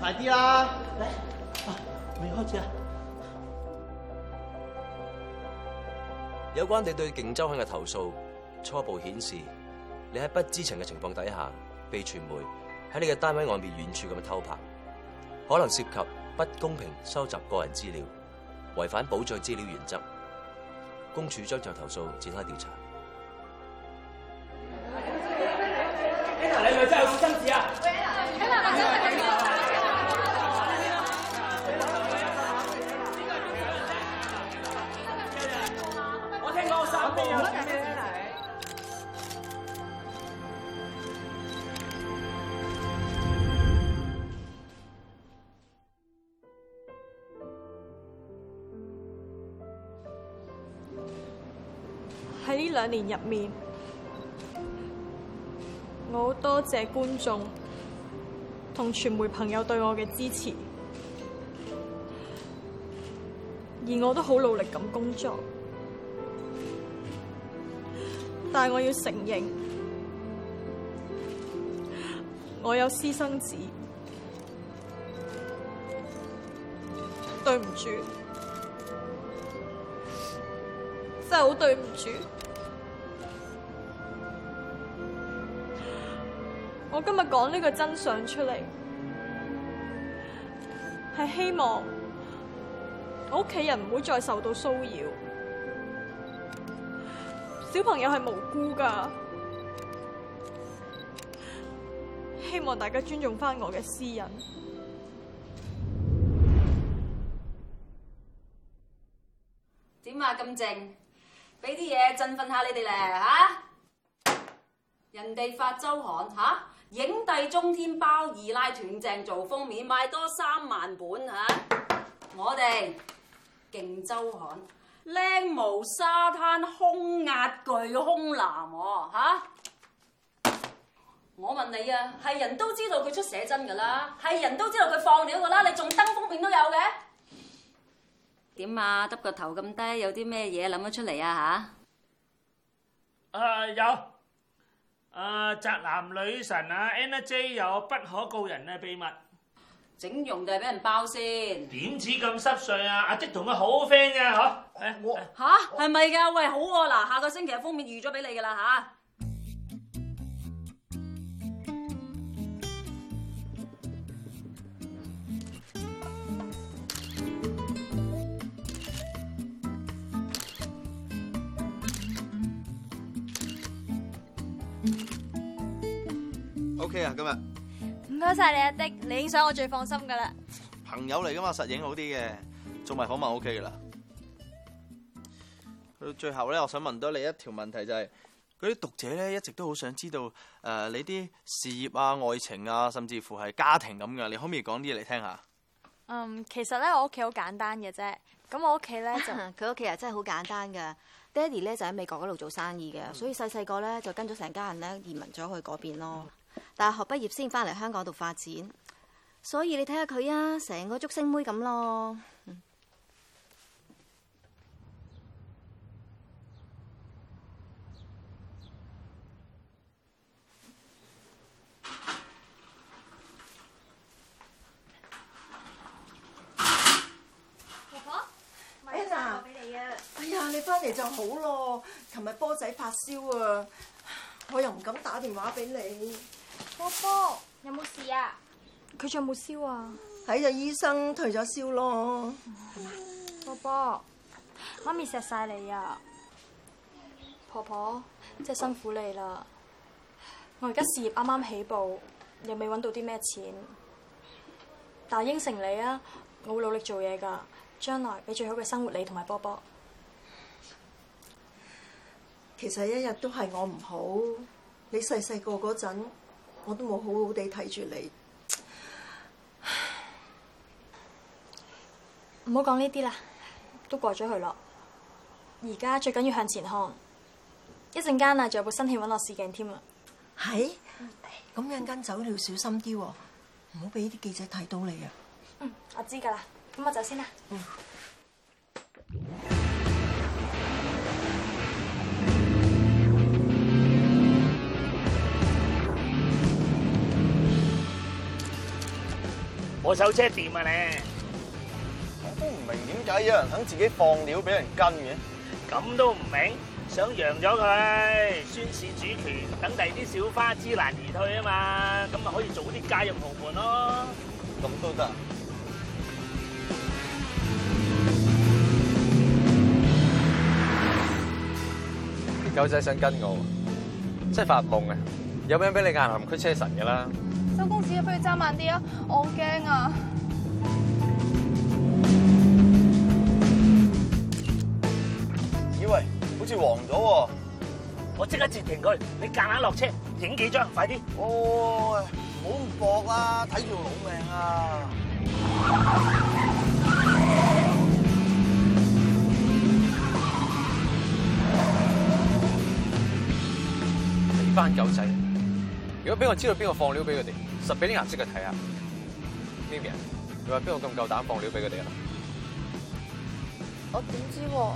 快啲啦！嚟，未開始啊。有關你對勁周刊嘅投訴，初步顯示你喺不知情嘅情況底下，被傳媒喺你嘅單位外面遠處咁樣偷拍，可能涉及不公平收集個人資料，違反保障資料原則。公署將就投訴展開調查。我喺呢兩年入面，我多謝觀眾同傳媒朋友對我嘅支持，而我都好努力咁工作。但我要承認，我有私生子，對唔住，真係好對唔住。我今日講呢個真相出嚟，係希望我屋企人唔會再受到騷擾。小朋友係無辜噶，希望大家尊重翻我嘅私隱。這麼點啊，咁靜，俾啲嘢振奮下你哋咧嚇！人哋發周刊，嚇、啊，影帝中天包二奶斷正做封面，賣多三萬本嚇、啊，我哋勁周刊。靚模沙灘胸壓巨胸男？我吓，我問你啊，係人都知道佢出寫真噶啦，係人都知道佢放料噶啦，你仲登封面都有嘅？點啊？耷個頭咁低，有啲咩嘢諗得出嚟啊？吓？誒，有誒，宅男女神啊，Anna.J 有不可告人嘅秘密。整容定係俾人包先？點止咁濕碎啊！阿 Dick 同佢好 friend 嘅嚇，係我嚇係咪㗎？喂，好喎！嗱，下個星期封面預咗俾你噶啦嚇。OK 啊，今日。唔該曬你阿迪，你影相我最放心噶啦。朋友嚟噶嘛，實影好啲嘅，做埋訪問 O K 噶啦。到最後咧，我想問多你一條問題，就是，就係嗰啲讀者咧一直都好想知道誒、呃、你啲事業啊、愛情啊，甚至乎係家庭咁噶，你可唔可以講啲嘢嚟聽下？嗯，其實咧我屋企好簡單嘅啫。咁我屋企咧就佢屋企啊，真係好簡單噶。爹哋咧就喺美國嗰度做生意嘅，所以細細個咧就跟咗成家人咧移民咗去嗰邊咯。大學畢業先翻嚟香港度發展，所以你睇下佢啊，成個竹升妹咁咯。婆婆，阿娜，哎呀，你翻嚟就好咯。琴日波仔發燒啊，我又唔敢打電話俾你。波波有冇事啊？佢仲有冇燒啊？睇咗醫生退咗燒咯。波波，媽咪錫晒你啊！婆婆真係辛苦你啦。我而家事業啱啱起步，又未搵到啲咩錢，但係應承你啊，我會努力做嘢㗎。將來俾最好嘅生活你同埋波波。其實一日都係我唔好，你細細個嗰陣。我都冇好好地睇住你，唔好講呢啲啦，都過咗去咯。而家最緊要向前看，一陣間啊，仲有部新戲揾我試鏡添啊。係，咁一陣間走，你要小心啲，唔好俾啲記者睇到你啊。嗯，我知噶啦，咁我走先啦。嗯。我手車掂啊，你我都唔明點解有人肯自己放料俾人跟嘅。咁都唔明，想讓咗佢宣示主權，等第啲小花知難而退啊嘛，咁咪可以做啲加入豪門咯，咁都得。狗仔想跟我，真係發夢啊！有咩俾你硬撼區車神噶啦？周公子不如揸慢啲啊，我好驚啊！咦喂，好似黃咗喎，我即刻截停佢，你夾硬落車影幾張，快啲！哦，唔好咁搏啦，睇住老命啊！俾翻狗仔。如果俾我知道邊個放料俾佢哋，實俾啲顏色佢睇下。邊邊？你話邊個咁夠膽放料俾佢哋啊？我點知喎？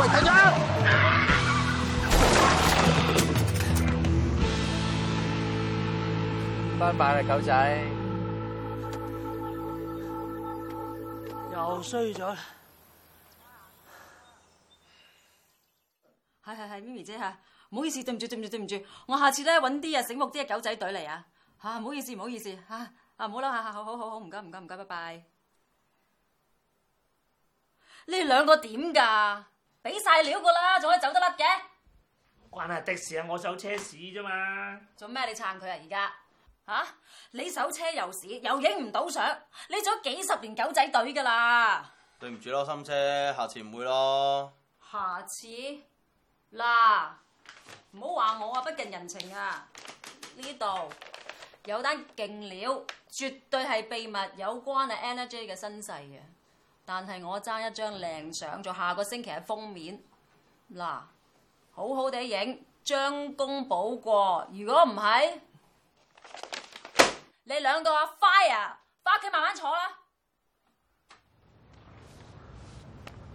喂，開槍！拜拜啦，狗仔又衰咗啦。係係、哎、咪咪姐吓，唔好意思，對唔住，對唔住，對唔住，我下次咧揾啲啊醒目啲嘅狗仔隊嚟啊吓，唔好意思，唔好意思吓啊，唔好啦吓，好好好好，唔該唔該唔該，拜拜。呢兩個點噶俾晒料噶啦，仲可以走得甩嘅？關係的士啊，我手車屎啫嘛。做咩你撐佢啊？而家吓你手車又屎又影唔到相，你做咗幾十年狗仔隊噶啦。對唔住咯，心姐，下次唔會咯。下次。嗱，唔好話我啊，不近人情啊！呢度有單勁料，絕對係秘密，有關 Anna.J 嘅身世嘅。但係我爭一張靚相做下個星期嘅封面，嗱，好好地影，將功補過。如果唔係，你兩個快啊，返屋企慢慢坐啦。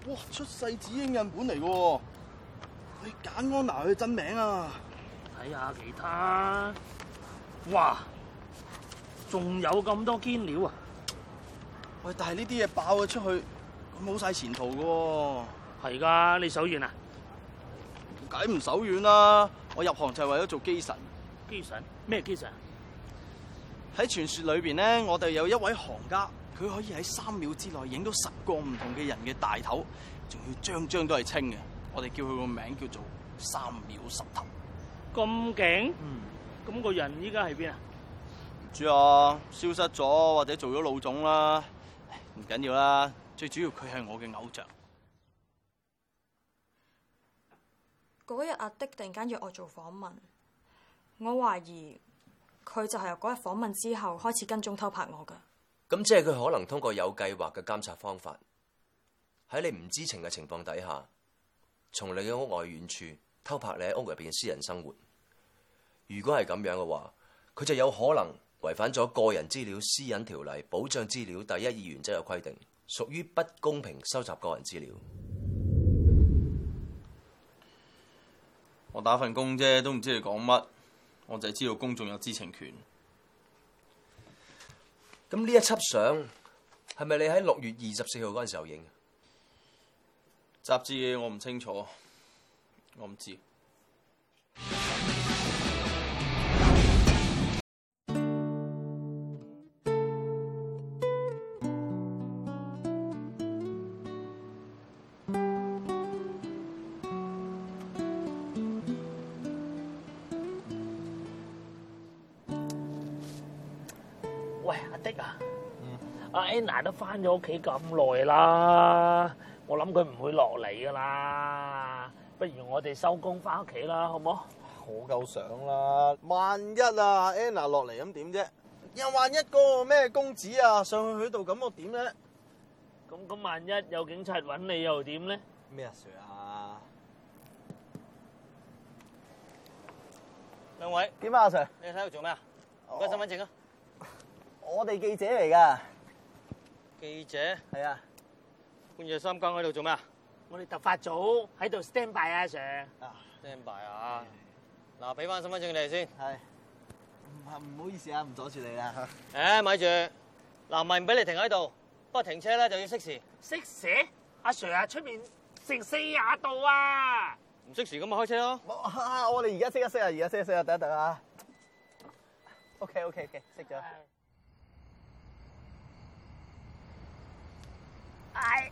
哇，出世紙影印本嚟嘅。你揀，安娜佢真名啊！睇下其他，啊，哇，仲有咁多堅料啊！喂，但係呢啲嘢，爆咗出去，咁冇晒前途噶，啊。係噶，你手軟，軟啊！解唔手軟啦！我入行就係為咗做機神。機神咩？機神？喺傳說裏邊咧，我哋有一位行家，佢可以喺三秒之內影到十個唔同嘅人嘅大頭，仲要張張都係清嘅。我哋叫佢個名叫做三秒十頭。咁勁？嗯，咁個人依家喺邊啊？唔知啊，消失咗或者做咗老總啦。唔緊要啦，最主要佢係我嘅偶像。嗰日阿的突然間約我做訪問，我懷疑佢就係由嗰日訪問之後開始跟蹤偷拍我噶。咁即係佢可能通過有計劃嘅監察方法，喺你唔知情嘅情況底下。從你嘅屋外遠處偷拍你喺屋入邊嘅私人生活，如果係咁樣嘅話，佢就有可能違反咗個人資料私隱條例保障資料第一二原則嘅規定，屬於不公平收集個人資料。我打份工啫，都唔知你講乜，我就係知道公眾有知情權。咁呢一輯相係咪你喺六月二十四號嗰陣時候影？雜誌嘅我唔清楚，我唔知。喂，阿迪啊，阿 Anna 都翻咗屋企咁耐啦。我諗佢唔會落嚟㗎啦，不如我哋收工返屋企啦，好唔好？我夠想啦，萬一啊 Anna 落嚟咁點啫？又萬一嗰個咩公子啊上去喺度咁，我點咧？咁咁萬一有警察搵你又點咧？咩啊 Sir？兩位點啊 Sir？你喺度做咩啊？攞身份證啊！我哋記者嚟㗎。記者係啊。半夜三更喺度做咩啊？我哋突發組喺度 stand by 阿 Sir 啊 stand by 啊，嗱，俾翻身份證你先。係，唔好意思啊，唔阻住你啊。誒、欸，咪住，嗱，咪唔俾你停喺度，不過停車咧就要熄匙。熄匙？阿、啊、Sir 啊，出面成四廿度啊！唔熄匙咁咪開車咯。我哋而家熄一熄啊，而家熄一熄啊，等一等啊。OK，OK，okay, okay, 嘅 okay,，熄咗、哎。係。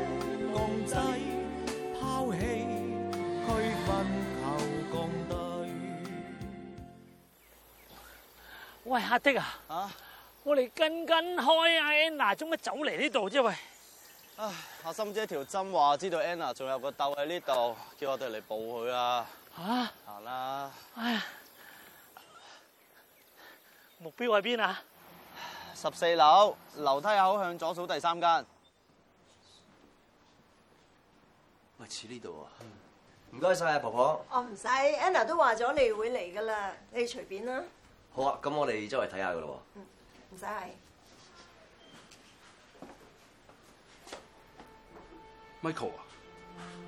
喂，阿 Dick 啊，我哋跟跟開阿 Anna，做乜走嚟呢度啫？喂、啊，唉，阿心姐條針話知道 Anna 仲有個竇喺呢度，叫我哋嚟報佢啊。吓，行啦。唉，目標喺邊啊？十四樓樓梯口向左數第三間。唔似呢度啊！唔該晒啊，婆婆。哦，唔使，Anna 都話咗你會嚟噶啦，你隨便啦。好啊，咁我哋周圍睇下噶咯。嗯，唔使。Michael 啊，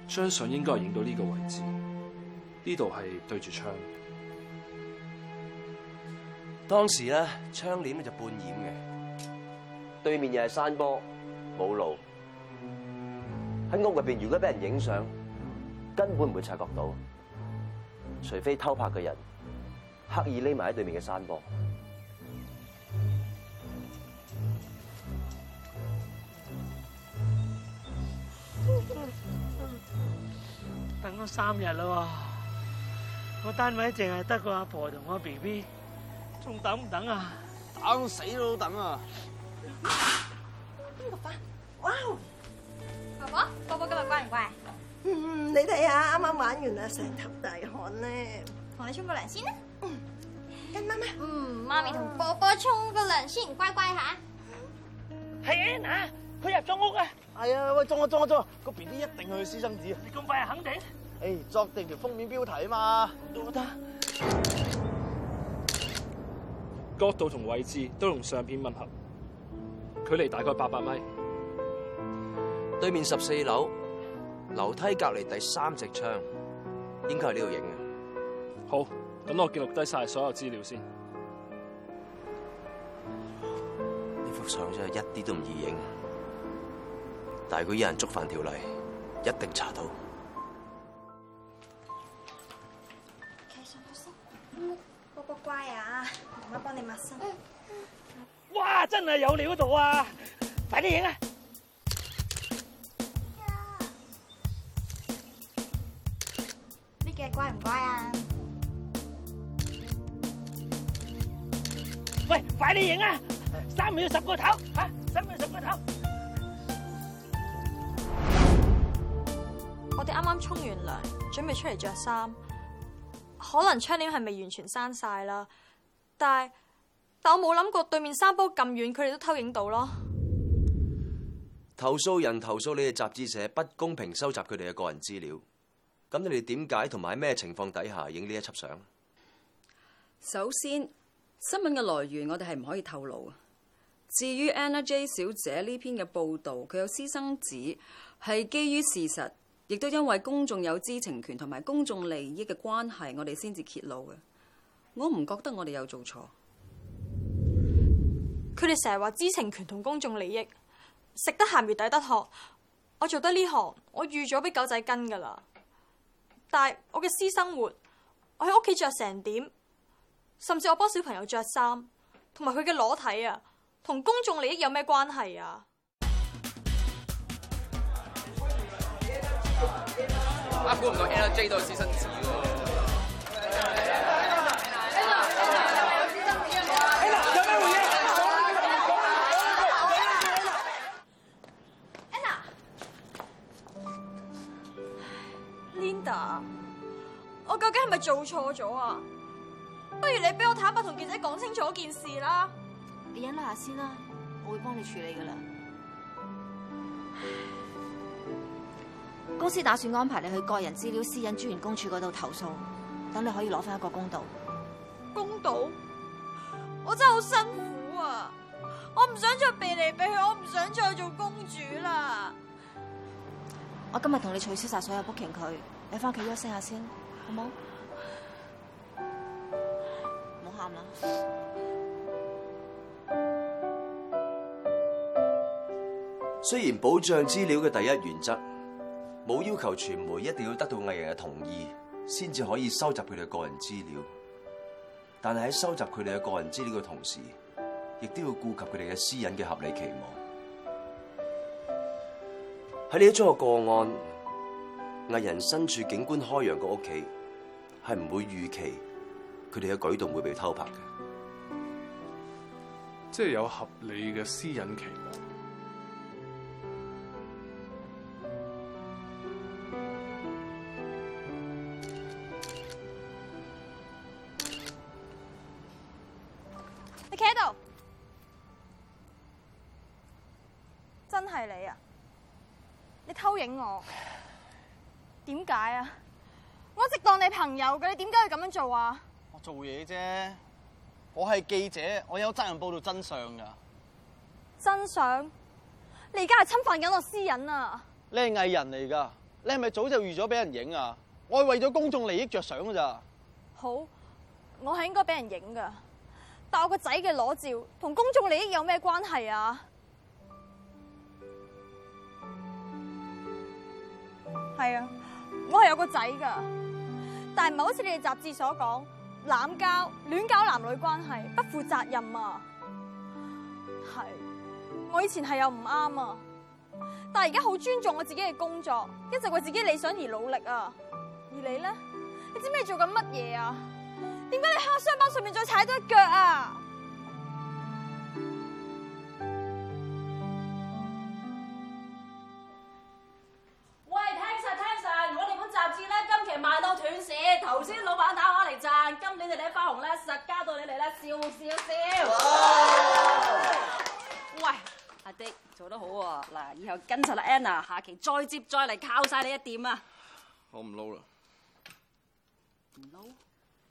張相應該係影到呢個位置，呢度係對住窗。當時咧，窗簾咧就半掩嘅，對面又係山坡，冇路。喺屋入邊，如果俾人影相，根本唔會察覺到，除非偷拍嘅人，刻意匿埋喺對面嘅山坡，等咗三日啦！個單位淨係得個阿婆同我 B B，仲等唔等啊？等死都等啊！爸爸，哇！爸爸，爸爸今日乖唔乖？嗯嗯，你睇下啱啱玩完啊，成頭大汗咧～同你沖個涼先啦，跟媽媽。嗯，媽咪同波波沖個涼先，乖乖下，哎。係啊，嗱，佢入咗屋啊。係啊，喂，裝啊裝啊裝啊，個 B B 一定係私生子啊！你咁快肯定？誒、哎，作定條封面標題啊嘛。得唔得？角度同位置都用相片吻合，距離大概八百米，對面十四樓樓梯隔籬第三隻窗，應該係呢度影。好，咁我記錄低晒所有資料先。呢幅相真係一啲都唔易影，但係如果有人觸犯條例，一定查到。其實我心乖乖乖啊，媽媽幫你抹身。哇，真係有料到啊！快啲影啊！咪驚，乖唔乖啊？快啲影啊！三秒十個頭，吓，三秒十個頭。我哋啱啱沖完涼，準備出嚟着衫。可能窗簾係未完全閂晒啦。但係，但我冇諗過對面山坡咁遠，佢哋都偷影到咯。投訴人投訴你哋雜誌社不公平收集佢哋嘅個人資料。咁你哋點解同埋喺咩情況底下影呢一輯相？首先。新聞嘅來源，我哋係唔可以透露。至於 Anna J 小姐呢篇嘅報導，佢有私生子，係基於事實，亦都因為公眾有知情權同埋公眾利益嘅關係，我哋先至揭露嘅。我唔覺得我哋有做錯。佢哋成日話知情權同公眾利益，食得鹹魚抵得渴。我做得呢行，我預咗俾狗仔跟㗎喇。但係我嘅私生活，我喺屋企著成點？甚至我幫小朋友着衫，同埋佢嘅裸體啊，同公眾利益有咩關係啊？啊，估唔到 Anna.J 都有私生子喎！Anna，Linda，我究竟係咪做錯咗啊？不如你俾我坦白同記者講清楚件事啦。你忍耐下先啦，我會幫你處理噶啦。公司打算安排你去個人資料私隱專員公署嗰度投訴，等你可以攞翻一個公道，公道。公道？我真係好辛苦啊！我唔想再避嚟避去，我唔想再做公主啦。我今日同你取消晒所有 booking，佢，你翻屋企休息下先，好冇？雖然保障資料嘅第一原則，冇要求傳媒一定要得到藝人嘅同意，先至可以收集佢哋個人資料。但係喺收集佢哋嘅個人資料嘅同時，亦都要顧及佢哋嘅私隱嘅合理期望。喺呢一宗個案，藝人身處景觀開揚嘅屋企，係唔會預期。佢哋嘅舉動會被偷拍嘅，即係有合理嘅私隱期望。你企喺度，真係你啊！你偷影我，點解啊？我一直當你朋友嘅，你點解要咁樣做啊？做嘢啫，我係記者，我有責任報道真相噶。真相？你而家係侵犯緊我私隱啊你人！你係藝人嚟噶，你係咪早就預咗俾人影啊？我係為咗公眾利益着想噶咋。好，我係應該俾人影噶，但我個仔嘅裸照同公眾利益有咩關係啊？係啊，我係有個仔噶，但係唔係好似你哋雜誌所講。濫交、亂搞男女關係、不負責任啊！係，我以前係有唔啱啊，但係而家好尊重我自己嘅工作，一直為自己理想而努力啊。而你咧，你知唔知做緊乜嘢啊？點解你喺傷疤上面再踩多一腳啊？做得好喎！嗱，以後跟實啦，Anna，下期再接再厲，靠晒你一點啊！我唔撈啦，唔撈。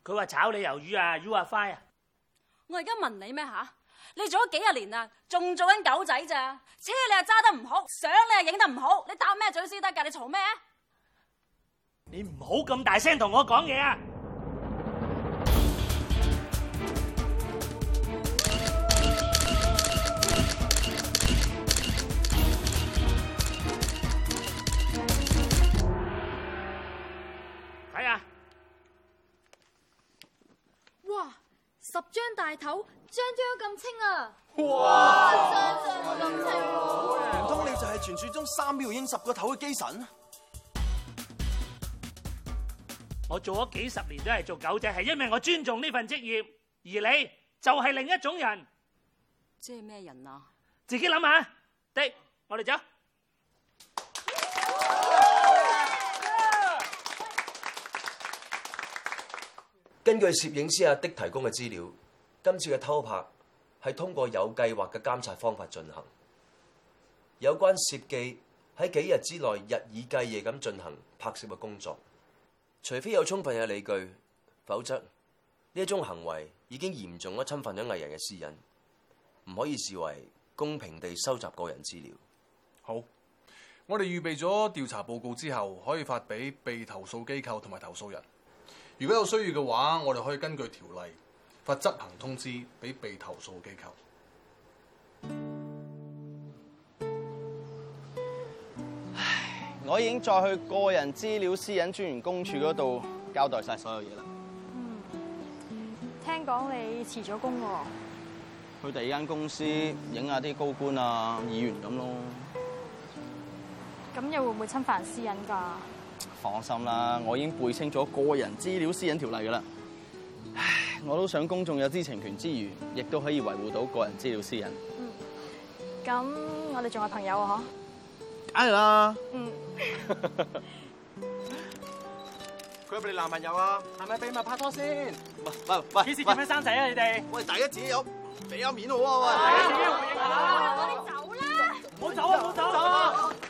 佢話炒你魷魚啊，You are fired 啊！我而家問你咩嚇？你做咗幾十年啦，仲做緊狗仔咋？車你又揸得唔好，相你又影得唔好，你搭咩嘴先得㗎？你嘈咩？你唔好咁大聲同我講嘢啊！大頭張張咁清啊！哇，張張都咁清喎！，唔通你就係傳說中三秒影十個頭嘅機神？我做咗幾十年都係做狗仔，係因為我尊重呢份職業，而你就係另一種人。即係咩人啊？自己諗下。Dick，我哋走。根據攝影師阿 Dick 提供嘅資料。今次嘅偷拍係通過有計劃嘅監察方法進行，有關攝記喺幾日之內日以繼夜咁進行拍攝嘅工作，除非有充分嘅理據，否則呢一種行為已經嚴重咗侵犯咗藝人嘅私隱，唔可以視為公平地收集個人資料。好，我哋預備咗調查報告之後，可以發俾被投訴機構同埋投訴人。如果有需要嘅話，我哋可以根據條例。發執行通知俾被，被投訴機構。唉，我已經再去個人資料私隱專員公署嗰度交代晒所有嘢啦。嗯，聽講你辭咗工喎？去第二間公司影下啲高官啊、議員咁咯。咁又會唔會侵犯私隱噶？放心啦，我已經背清楚個人資料私隱條例噶啦。我都想公眾有知情權之餘，亦都可以維護到個人資料私隱。嗯，咁我哋仲係朋友啊？嗬，梗係啦。嗯。佢係咪你男朋友啊？係咪秘密拍拖先？喂喂喂！幾時結婚生仔啊？你哋？喂，大家自己有俾有面我啊喂！大家自己回應下，我哋走啦！唔好走啊！唔好走啊！